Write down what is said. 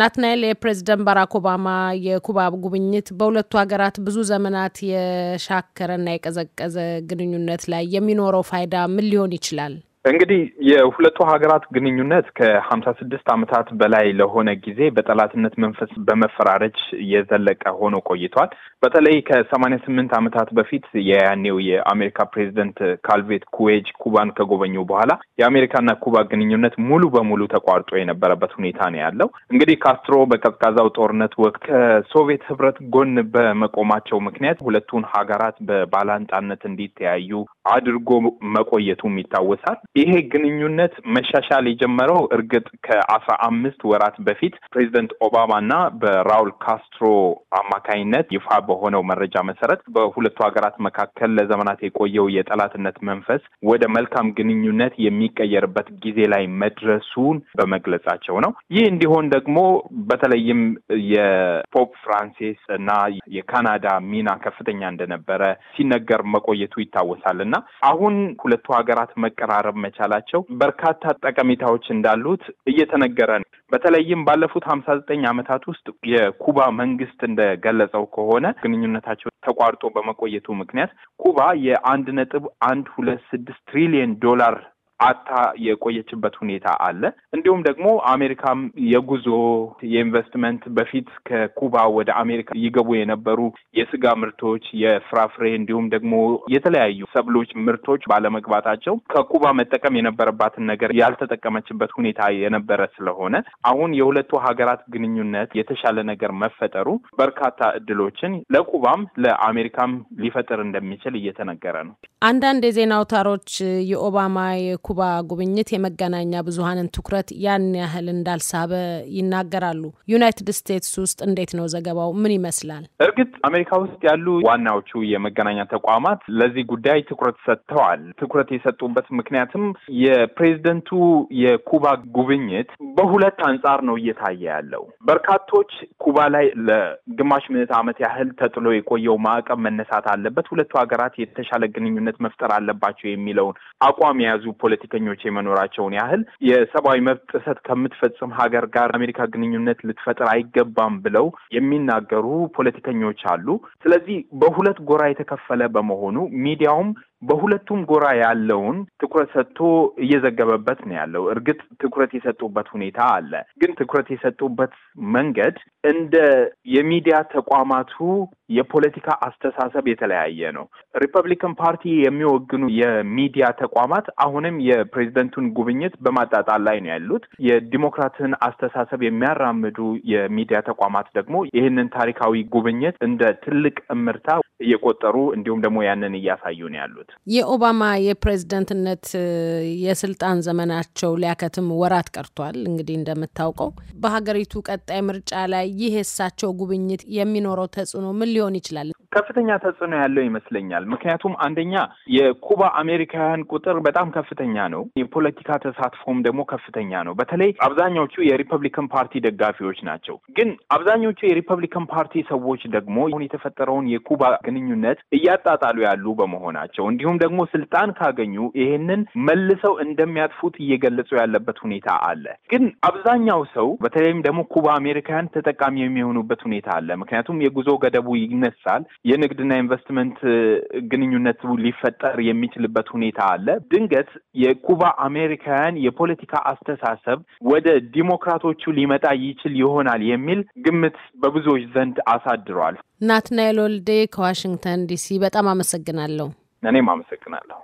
ናትናኤል፣ የፕሬዚደንት ባራክ ኦባማ የኩባ ጉብኝት በሁለቱ ሀገራት ብዙ ዘመናት የሻከረና የቀዘቀዘ ግንኙነት ላይ የሚኖረው ፋይዳ ምን ሊሆን ይችላል? እንግዲህ የሁለቱ ሀገራት ግንኙነት ከሀምሳ ስድስት ዓመታት በላይ ለሆነ ጊዜ በጠላትነት መንፈስ በመፈራረጅ የዘለቀ ሆኖ ቆይቷል። በተለይ ከሰማኒያ ስምንት ዓመታት በፊት የያኔው የአሜሪካ ፕሬዚደንት ካልቬት ኩዌጅ ኩባን ከጎበኙ በኋላ የአሜሪካና ኩባ ግንኙነት ሙሉ በሙሉ ተቋርጦ የነበረበት ሁኔታ ነው ያለው። እንግዲህ ካስትሮ በቀዝቃዛው ጦርነት ወቅት ከሶቪየት ህብረት ጎን በመቆማቸው ምክንያት ሁለቱን ሀገራት በባላንጣነት እንዲተያዩ አድርጎ መቆየቱም ይታወሳል። ይሄ ግንኙነት መሻሻል የጀመረው እርግጥ ከአስራ አምስት ወራት በፊት ፕሬዚደንት ኦባማና በራውል ካስትሮ አማካኝነት ይፋ በሆነው መረጃ መሰረት በሁለቱ ሀገራት መካከል ለዘመናት የቆየው የጠላትነት መንፈስ ወደ መልካም ግንኙነት የሚቀየርበት ጊዜ ላይ መድረሱን በመግለጻቸው ነው። ይህ እንዲሆን ደግሞ በተለይም የፖፕ ፍራንሲስ እና የካናዳ ሚና ከፍተኛ እንደነበረ ሲነገር መቆየቱ ይታወሳል። እና አሁን ሁለቱ ሀገራት መቀራረብ መቻላቸው በርካታ ጠቀሜታዎች እንዳሉት እየተነገረ ነው። በተለይም ባለፉት ሀምሳ ዘጠኝ ዓመታት ውስጥ የኩባ መንግስት እንደገለጸው ከሆነ ግንኙነታቸው ተቋርጦ በመቆየቱ ምክንያት ኩባ የአንድ ነጥብ አንድ ሁለት ስድስት ትሪሊየን ዶላር አታ የቆየችበት ሁኔታ አለ። እንዲሁም ደግሞ አሜሪካም የጉዞ የኢንቨስትመንት በፊት ከኩባ ወደ አሜሪካ ይገቡ የነበሩ የስጋ ምርቶች፣ የፍራፍሬ እንዲሁም ደግሞ የተለያዩ ሰብሎች ምርቶች ባለመግባታቸው ከኩባ መጠቀም የነበረባትን ነገር ያልተጠቀመችበት ሁኔታ የነበረ ስለሆነ አሁን የሁለቱ ሀገራት ግንኙነት የተሻለ ነገር መፈጠሩ በርካታ እድሎችን ለኩባም ለአሜሪካም ሊፈጥር እንደሚችል እየተነገረ ነው። አንዳንድ የዜና አውታሮች የኦባማ የኩ የኩባ ጉብኝት የመገናኛ ብዙሀንን ትኩረት ያን ያህል እንዳልሳበ ይናገራሉ። ዩናይትድ ስቴትስ ውስጥ እንዴት ነው ዘገባው? ምን ይመስላል? እርግጥ አሜሪካ ውስጥ ያሉ ዋናዎቹ የመገናኛ ተቋማት ለዚህ ጉዳይ ትኩረት ሰጥተዋል። ትኩረት የሰጡበት ምክንያትም የፕሬዝደንቱ የኩባ ጉብኝት በሁለት አንጻር ነው እየታየ ያለው። በርካቶች ኩባ ላይ ለግማሽ ምዕተ ዓመት ያህል ተጥሎ የቆየው ማዕቀብ መነሳት አለበት፣ ሁለቱ ሀገራት የተሻለ ግንኙነት መፍጠር አለባቸው የሚለውን አቋም የያዙ ፖለቲከኞች የመኖራቸውን ያህል የሰብአዊ መብት ጥሰት ከምትፈጽም ሀገር ጋር አሜሪካ ግንኙነት ልትፈጥር አይገባም ብለው የሚናገሩ ፖለቲከኞች አሉ። ስለዚህ በሁለት ጎራ የተከፈለ በመሆኑ ሚዲያውም በሁለቱም ጎራ ያለውን ትኩረት ሰጥቶ እየዘገበበት ነው ያለው። እርግጥ ትኩረት የሰጡበት ሁኔታ አለ፣ ግን ትኩረት የሰጡበት መንገድ እንደ የሚዲያ ተቋማቱ የፖለቲካ አስተሳሰብ የተለያየ ነው። ሪፐብሊካን ፓርቲ የሚወግኑ የሚዲያ ተቋማት አሁንም የፕሬዚደንቱን ጉብኝት በማጣጣል ላይ ነው ያሉት። የዲሞክራትን አስተሳሰብ የሚያራምዱ የሚዲያ ተቋማት ደግሞ ይህንን ታሪካዊ ጉብኝት እንደ ትልቅ እምርታ እየቆጠሩ እንዲሁም ደግሞ ያንን እያሳዩ ነው ያሉት። የኦባማ የፕሬዝደንትነት የስልጣን ዘመናቸው ሊያከትም ወራት ቀርቷል። እንግዲህ እንደምታውቀው በሀገሪቱ ቀጣይ ምርጫ ላይ ይህ የሳቸው ጉብኝት የሚኖረው ተጽዕኖ ምን ሊሆን ይችላል? ከፍተኛ ተጽዕኖ ያለው ይመስለኛል። ምክንያቱም አንደኛ የኩባ አሜሪካውያን ቁጥር በጣም ከፍተኛ ነው። የፖለቲካ ተሳትፎም ደግሞ ከፍተኛ ነው። በተለይ አብዛኛዎቹ የሪፐብሊካን ፓርቲ ደጋፊዎች ናቸው። ግን አብዛኞቹ የሪፐብሊካን ፓርቲ ሰዎች ደግሞ አሁን የተፈጠረውን የኩባ ግንኙነት እያጣጣሉ ያሉ በመሆናቸው እንዲሁም ደግሞ ስልጣን ካገኙ ይሄንን መልሰው እንደሚያጥፉት እየገለጹ ያለበት ሁኔታ አለ። ግን አብዛኛው ሰው በተለይም ደግሞ ኩባ አሜሪካውያን ተጠቃሚ የሚሆኑበት ሁኔታ አለ። ምክንያቱም የጉዞ ገደቡ ይነሳል። የንግድና ኢንቨስትመንት ግንኙነት ሊፈጠር የሚችልበት ሁኔታ አለ። ድንገት የኩባ አሜሪካውያን የፖለቲካ አስተሳሰብ ወደ ዲሞክራቶቹ ሊመጣ ይችል ይሆናል የሚል ግምት በብዙዎች ዘንድ አሳድሯል። ናትናኤል ወልዴ ከዋሽንግተን ዲሲ በጣም አመሰግናለሁ። እኔም አመሰግናለሁ።